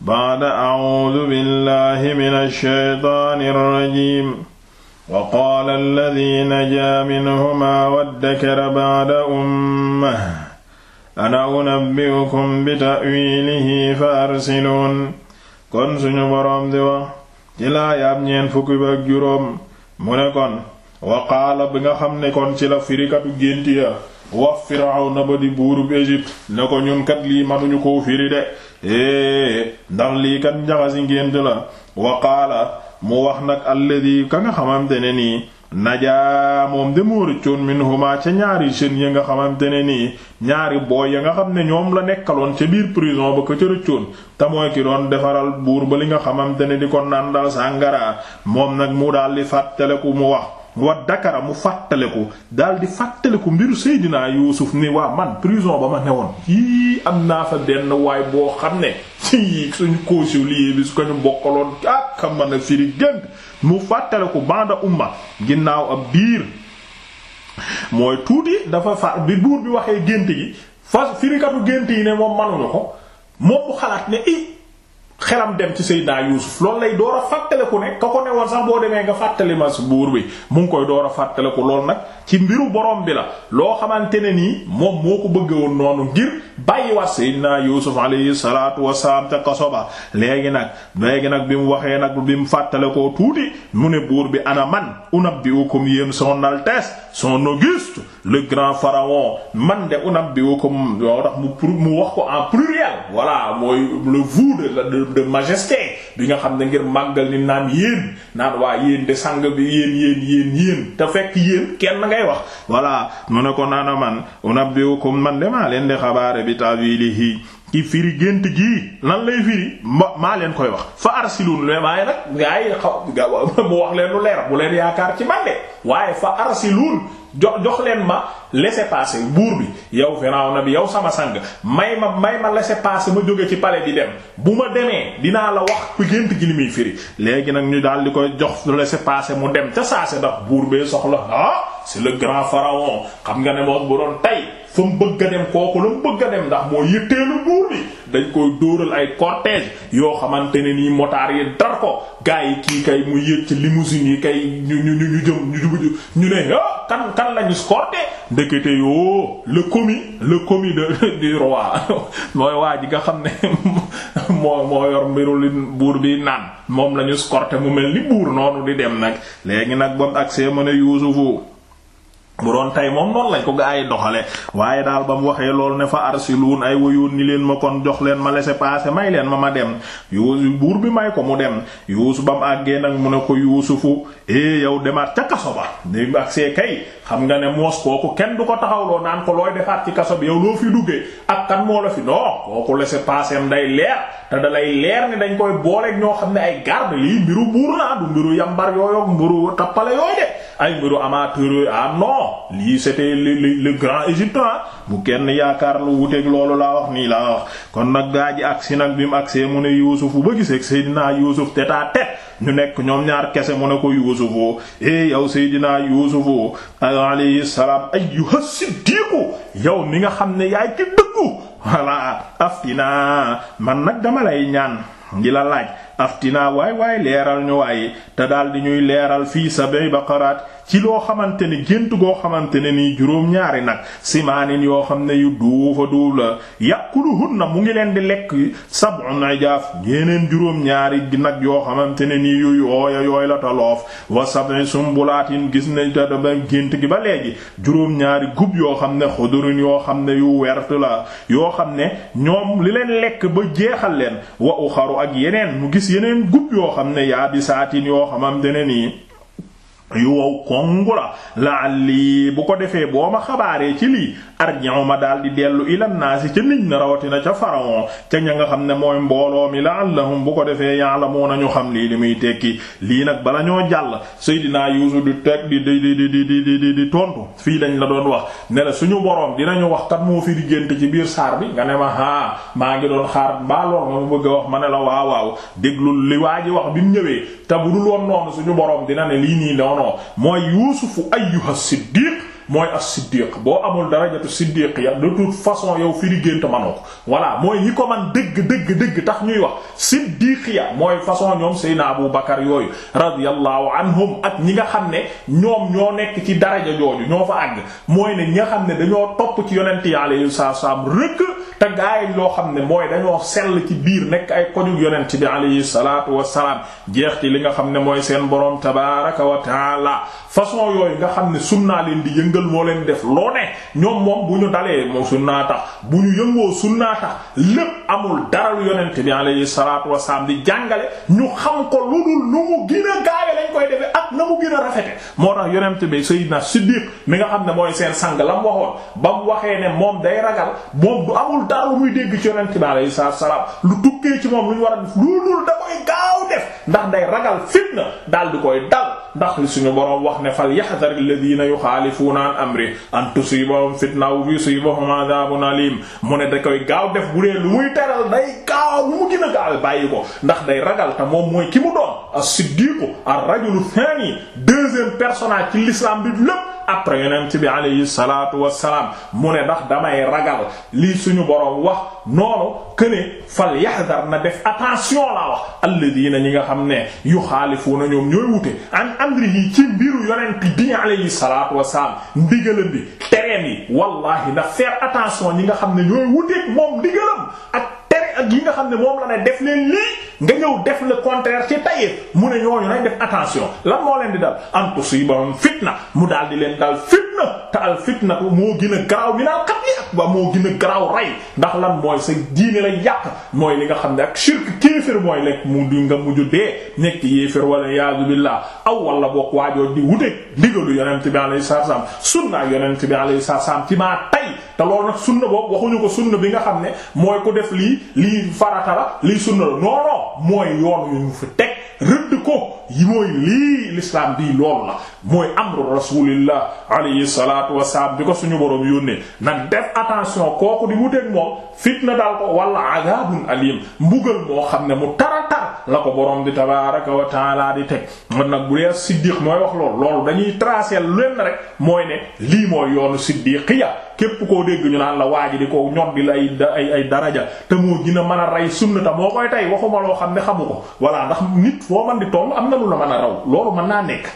bacda acuudu billahi min alsheytaani alrajim wa qaala alladi najaa minhumaa waddakara bacda ummah ana unabbi'ukum bi ta'wiilihi fa arsiluun kon suñu boroom di wax ci laayaab ñeen fukki ba ak juróom mu ne kon wa qaala bi nga xam ne kon ci la firikatu gént ya wax firawna ba di buurub Égypte ne ko ñun kat lii manuñu ko firi de é eh, ndax lii kat njaxasi ngént la wa qaala mu wax nag alladi ka nga xamante ne nii najaa moom de moo rëccoon minhuma ca ñaari jeunes ya nga xamante ne nii ñaari booy ya nga xam ne ñoom la nekkaloon ca biir prison ba ko ca rëccoon te mooy ki doon defaral buur ba li nga xamante ne di ko nandal sàngara moom nag mu daal di fàttaleku mu wax wa dakara mu fàttaliku daal di fàttaliku mbiru Seydina Yuusuf ni waa man prison ba ma newoon yii am naa fa benn waay boo xam ne ci suñu koosu lii bi su ko ñu bokkaloon ak xam man a firi gént mu fàttaliku banda umma ginnaaw ab biir mooy tuuti dafa far bi buur bi waxee gént gi fas firikatu gént yi ne moom manuñu ko moom xalaat ne i xelam dem ci Seydina Yuusuf loolu lay door a fàttaliku ne ka ko ne woon sax boo demee nga fàttali ma si buur bi mu ngi koy door a fàttaliku lool nag ci mbiru boroom bi la loo xamante ne nii moom moo ko bëgg woon noonu ngir bàyyi wax Seydina Yuusuf alayhi salaatu wasalaam ca kaso ba léegi nag léegi nag bi mu waxee nag bi mu fàttalikoo tuuti mu ne buur bi ana man unabbi'ukum yéen son altesse son auguste le grand pharaon man de unabbi'ukum yoo tax mu mu wax ko en pluriel voilà mooy le vous de de majesté bi nga xam ne ngir màggal ni naan yéen naan waa yéen de sang bi yéen yéen yéen te fekk yéen kenn ngay wax voilà mu ne ko naan man unabbiukum man demaa leen de xabaare bi ta'wilihi ki firi gént gii nan lay firi mbo maa leen koy wax fa arsilun le waaye nag gaa yi xaw mu wax leen lu leer bu leen yaakaar ci man de waaye fa arsilun jox jox leen ma laisser passer buur bi yow Firawna bi yow sama sang may ma may ma laisser passer ma jóge ci palais di dem bu ma demee dinaa la wax ku gént gi li muy firi léegi nag ñu daal di koy jox laisser passer mu dem ca saase ndax buur bee soxla ah si le grand pharaon xam nga ne moom bu doon tey fa mu bëgg a dem kooku la mu bëgg a dem ndax moo yitteelu buur bi dañ koy dóoral ay cortège yoo xamante ne nii motaar yi dar ko gars yi kii kay mu yët ci limousine yi kay ñu ñu ñu jëm ñu ñu ne ah kan kan lañu escorté ndekete yoo le commis le commis de du roi mooy waa ji nga xam ne moo moo yor mbiru li buur bi naan moom lañu escorté mu mel ni buur noonu di dem nag léegi nag bam agsee mu ne Yuusufu bu doon tey moom noonu lañ ko gaa yi doxale waaye daal ba mu waxee loolu ne fa arsiluun ay wayoon ni leen ma kon jox leen ma laisser passer may leen ma ma dem yuusu buur bi may ko mu dem yuusu ba mu àggee nag mu ne ko yuusufu eh yow demaat ca kaso ba dégg ak see kay xam nga ne moos kooku kenn du ko taxaw taxawloo naan ko looy defaat ci kaso bi yow doo fi duggee ak kan moo la fi non kooku laisser passer am day leer te da lay leer ni dañ koy booleeg ñoo xam ne ay garde lii mbiru buur naa du mbiru yambar yooyoog mbiru tappale ay mbiru amateur ah non lii c'était le grand égyptien bu kenn yaakaar lu wuteeg loolu laa wax nii laa wax kon nag gaa ji agsi nag bi mu agsee mu ne Yuusuf bu ba gisee Seydina Yuusuf tête à ñu nekk ñoom ñaar kese mu ne ko Yuusufu eh yow Seydina Yuusufu alayhi salaam ayyuha siddiqu yow mi nga xam ne yaay ci dëggu voilà aftinaa man nag dama lay ñaan ngi la laaj aftinaa waay waay leeral ñu waaye te daal di ñuy leeral fii sab'i baqaraat ci loo xamante ne gént goo xamante ne nii juróom-ñaari nag simaanin yoo xam ne yu duufa duuf la yàquluhunna mu ngi leen di lekk sab'un yeneen juróom-ñaari nag yoo xamante ne nii yu yooya yooy la taloof wa sab'i sumbulaatin gis ne da ba gént gi ba léegi juróom-ñaari gub yoo xam ne xudurin yoo xam ne yu wert la yoo xam ne ñoom li leen lekk ba jeexal leen wa uxaru ak yeneen mu gis gis yeneen gub yoo xam ne yaabi saatin yoo xamante ne nii yu wow kongu la laalli bu ko defee boo ma xabaaree ci lii arji'u ma daal di dellu ila naasi ca nit na rawatina ca pharaon ca ña nga xam ne mooy mbooloo mi laallahum bu ko defee ya'lamuna ñu xam lii li muy lii nag bala ñoo jàll Seydina Yuusuf di teg di di di di tontu fii lañ la doon wax ne la suñu boroom dinañu wax kat moo fi di ci biir saar bi nga ne ma haa maa ngi doon xaar mbaaloor nga bëgg a wax ma ne la waaw waaw déglul li waa ji wax bi mu ñëwee te bu dul woon noonu suñu boroom dina ne lii nii noonoo mooy yuusufu ayyuha siddiq mooy as-siddiq boo amul darajatu siddiq ya de toute façon yow firi gént ko voilà mooy ñi ko man dëgg dëgg dëgg tax ñuy wax siddiq ya mooy façon ñoom Seydina Abu Bakar yooyu radiyallahu anhum ak ñi nga xam ne ñoom ñoo nekk ci daraja jooju ñoo fa àgg mooy ne ñi nga xam ne dañoo topp ci yonent yi sa salaam rëkk te gaay loo xam ne mooy dañoo sell ci biir nekk ay koju yonent bi alayhi salaatu wassalaam jeex ci li nga xam ne mooy seen boroom tabaaraka wa taala façon yooyu nga xam ne sunnaa leen di yëngal moo leen def loo ne ñoom moom bu ñu dalee moom sunnaa tax bu ñu yëngoo sunnaa tax lépp amul dara lu yonent bi alayhi salaatu wassalaam li jàngale ñu xam ko lu dul lu mu gën a gaawe lañ a rafete moo tax yonent xam ne mooy seen sang la mu waxoon ba mu waxee ne moom day ragal moom du amul dara muy dégg ci yonent bi alayhi salaam lu tukkee ci moom lu ñu war a def loolu da koy gaaw def ndax day ragal fitna daal di koy dal ndax suñu boroom wax ne fal yahdhar alladhina yukhalifuna an amri an tusibahum fitna aw yusibahum adhabun alim mu ne da koy gaaw def bu dee lu muy teral day gaaw mu gën a gaaw bàyyi ko ndax day ragal te moom mooy ki mu doon as-siddiq ar-rajulu thani deuxième personnage ci l'islam bi lépp après yonent bi alayhi salaatu wassalaam mu ne ndax damay ragal lii suñu boroom wax noonu këne fal yahdar na def attention laa wax alladina ñi nga xam ne yuxaalifuuna ñoom ñooy wute an amrihi ci mbiru yonent bi alayhi salaatu wassalaam ndigalam bi tereem yi wallahi na faire attention ñi nga xam ne ñooy wuteek moom ndigalam ak tere ak yi nga xam ne moom la def leen lii nga ñëw def la contraire ci tayef mu ne ñooñu nañ def attention lan moo leen di dal an tusibahum fitna mu daal di leen dal fitna al fitna moo gën a garaaw mi naa xam yi ba moo gën a garaaw rey ndax lan mooy sa diine la yàq mooy li nga xam ne ak shirk kéefër mooy lekk mu di nga mujj dee nekk yéefër wala yaazu billah aw wala bokk waajoo di wute ndigalu yonent bi alayhi salaam sunna yonent bi alayhi salaam ci maa tey te loolu nag sunna boobu waxuñu ko sunna bi nga xam ne mooy ko def lii lii farata lii sunna la non mooy yoon yu ñu fi teg rëdd ko yi mooy lii l'islam bii loolu la mooy amru rasulillah alayhi salaatu wasalaam bi ko suñu borom yónnee nag def attention kooku di wuteeg moom fitna daal ko wala azabun alim mbugal moo xam ne mu tarata jaar la ko borom di tabaaraka wa taala man nag bu dee siddiq mooy wax loolu loolu dañuy tracer lenn rek mooy ne lii mooy yoonu siddiqiya képp koo dégg ñu naan la waa ji di ko ñoddi la ay ay ay daraja te moo gën a mën a rey sunna moo koy tey waxuma loo xam ne xamu ko voilà ndax nit foo man di toll am na lu la man a raw loolu mën naa nekk.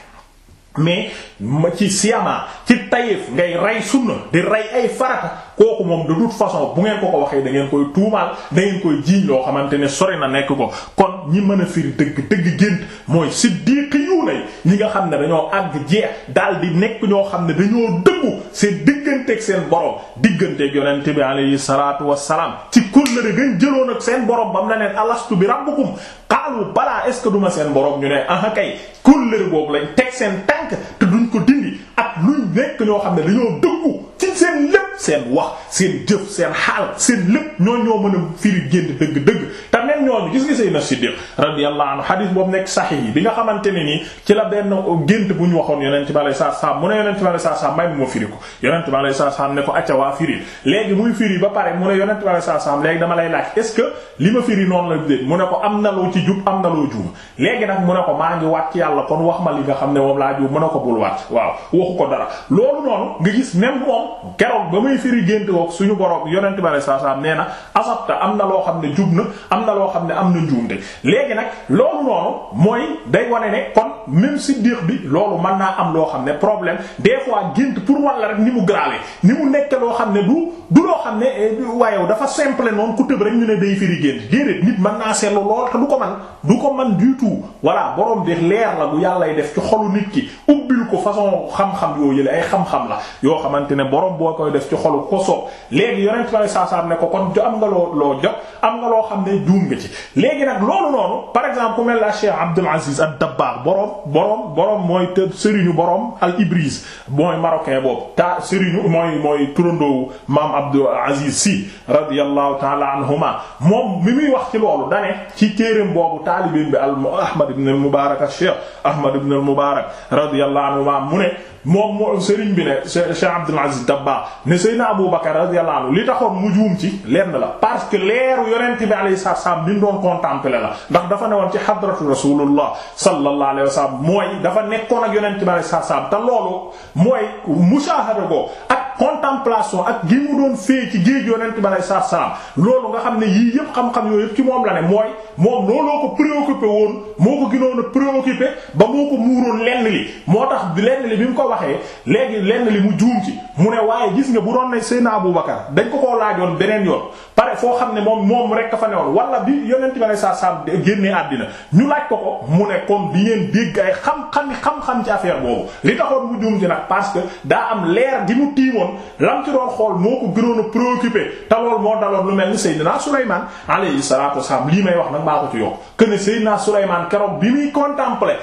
mais ma ci siama ci tayef ngay rey sunna di rey ay farata kooku moom du toute façon bu ngeen ko ko waxee da ngeen koy tuumaal da ngeen koy jiiñ loo xamante ne sori na nekk ko kon ñi mën a firi dëgg dëgg gént mooy siddiqi yu nay ñi nga xam ne dañoo àgg jeex daal di nekk ñoo xam ne dañoo dëggu seen digganteeg seen borom digganteeg yonent bi alayhi salaatu salaam ci kóllëre gañ jëloon ak seen borom bam ne neen alastu bi rabbukum qaalu balaa est ce que duma seen borom ñu ne aha kay kóllëre ñàkk te duñ ko dindi ak luñ nekk ñoo xam ne dañoo dëggu ci seen lépp seen wax seen jëf seen xaal seen lépp ñoo ñoo mën a firi génn dëgg-dëgg même ñooñu gis nga Seydina Siddiq radiyallahu anhu xadiis boobu nekk saxiix ne ko acca waa firi léegi muy firi ba pare mu ne yonent bi alayhi salaam ko am na loo ci jub am na loo juum léegi nag mu ne ko maa ngi waat yàlla kon wax ma li nga xam ne moom laa juum mu ne ko bul waat waaw waxu ko dara loolu noonu nga gis même moom keroog ba muy firi gént ko suñu borom yonent bi alayhi salaam nee na asabta am na loo xam ne jub na am na loo xam ne am na njuumte léegi nag loolu noonu mooy day wane ne kon même siddiq bi loolu mën naa am loo xam ne problème des fois gént pour walla rek ni mu grave ni mu nekk loo xam ne du du loo xam ne eh, waaye dafa simple noonu ku tëb rek ñu ne day firi gént déedéet nit man naa seetlu lool te du ko man du ko man du tout voilà boroom de leer la bu yàllay def ci xolu nit ki ubbil ko façon xam-xam yoo yële ay xam-xam la yoo xamante ne boroom boo koy def ci xolu ko soob léegi yonent sallallahu ne ko kon am nga loo loo jot am nga loo xam ne juum ci léegi nag loolu noonu par exemple ku mel la Cheikh Abdul Aziz ad-Dabbagh borom borom borom mooy te sëriñu borom al Ibris mooy marocain boobu ta sëriñu mooy mooy turandoowu maam Abdul Aziz si radiyallahu taala anhuma moom mi muy wax ci loolu dane ci téereem boobu taalibin bi al Ahmad ibn al Mubarak Cheikh Ahmad ibn al Mubarak radiyallahu anhuma mu ne moom moo sëriñ bi ne Cheikh Abdul Aziz Dabbagh ne Seydina Abu Bakar radiyallahu anhu li taxoon mu juum ci lenn la parce que leeru yonent bi alayhi salaam bi mu doon contempler la ndax dafa newoon ci hadratu rasulullah sallallahu alayhi wa sallam mooy dafa nekkoon ak yonent bi sallallahu alayhi wa sallam te loolu mooy musaahada ko contemplation ak gi mu doon fee ci géej yonent bi aleyhi salaatu salaam loolu nga xam ne yii yëpp xam-xam yooyu yëpp ci moom la ne mooy moom looloo ko préoccupé woon moo ko gënoon a préoccupé ba moo ko muuroon lenn li moo tax lenn li bi mu ko waxee léegi lenn li mu juum ci mu ne waaye gis nga bu doon ne Seydina Abu Bakar dañ ko koo laajoon beneen yoon pare foo xam ne moom moom rek ka ne woon wala bi yonent bi aleyhi salaatu salaam génnee àddina ñu laaj ko ko mu ne comme di ngeen dégg ay xam-xam xam-xam ci affaire boobu li taxoon mu parce que daa am leer gi mu tiimoon moom lam ci doon xool moo ko gënoon a préoccupé te moo daloon lu mel ni Seydina Souleymane alayhi salaatu wasalaam lii may wax nag maa ko ci yokk que ne Seydina Souleymane keroog bi muy contemplé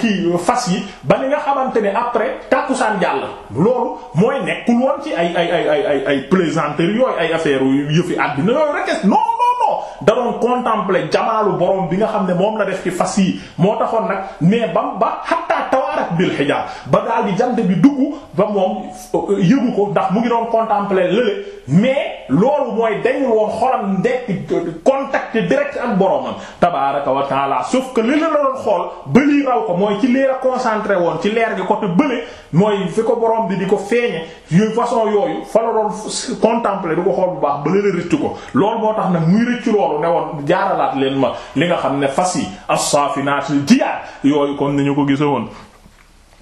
kii fas yi ba ni nga xamante ne après tàkkusaan jàll loolu mooy nekkul woon ci ay ay ay ay ay ay yooyu ay affaires yu yëfi àddina yooyu rek non non non da doon contempler jamaalu borom bi nga xam ne moom la def ci fas yi moo taxoon nag mais bam ba hatta xat bil xijaab ba daal di jant bi dugg ba moom euh, yëgu ko ndax mu ngi doon contempler lële mais loolu mooy dañul woon xolam ndekk contact direct ak boromam tabaaraka wa taala sauf que lële la doon xool ba lii raw ko mooy ci leer a concentré woon ci leer gi côté bële mooy fi ko borom bi di ko feeñe yooyu façon yooyu fa la doon contempler du ko xool bu baax ba lële rëccu ko loolu moo tax nag muy rëccu loolu ne woon jaaralaat leen ma li nga xam ne fas yi as-saafinaat al jiyaad yooyu comme ni ñu ko gisoon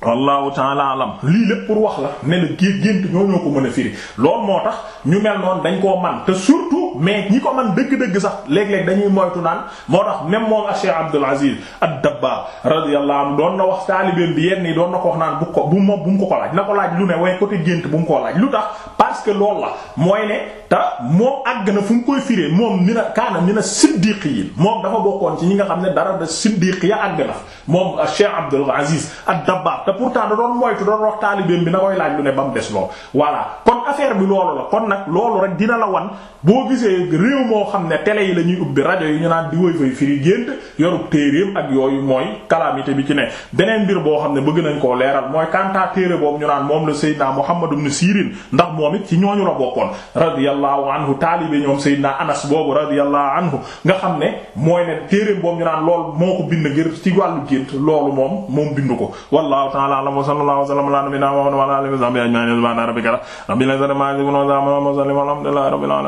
wallahu taala alam lii lépp pour wax la ne la gént ñoo ñoo ko mën a firi loolu moo tax ñu mel noon dañ koo man te surtout mais ñi ko man dëgg-dëgg sax léeg-léeg dañuy moytu naan moo tax même moom Cheikh Abdul Aziz ad-Dabbaagh radiyallahu anhu doon na wax taalibeem bi yenn yi doon na ko wax naan bu ko bu moom ko ko laaj na ko laaj lu ne waaye côté gént bu mu ko laaj lu tax parce que loolu mooy ne te moom àgg na fu mu koy firee moom mi na kaana mi na siddiqiyin moom dafa bokkoon ci ñi nga xam ne dara da siddiqiya àgg na moom Cheikh Abdul Aziz ad-Dabbaagh te pourtant da doon moytu doon wax taalibeem bi na koy laaj lu ne ba mu des lool voilà affaire bi loolu la kon nag loolu rek dina la wan boo gisee réew moo xam ne tele yi lañuy ñuy ubbi rajo yi ñu naan di woy fay firi gént yorub téeréem ak yooyu mooy calamité bi ci ne beneen mbir boo xam ne bëgg nañ koo leeral mooy kantaa téere boobu ñu naan moom la Seydina Muhammad ibn Sirin ndax moom it ci ñooñu la bokkoon radiyallahu anhu taalibe ñoom Seydina Anas boobu radiyallahu anhu nga xam ne mooy ne téeréem boobu ñu naan lool moo ko bind ngir ci wàllu gént moom moom bindu ko wallahu ta'ala wa sallallahu alayhi wa Salama ibn Uzaama Muslim alhamdulillahi rabbil alamin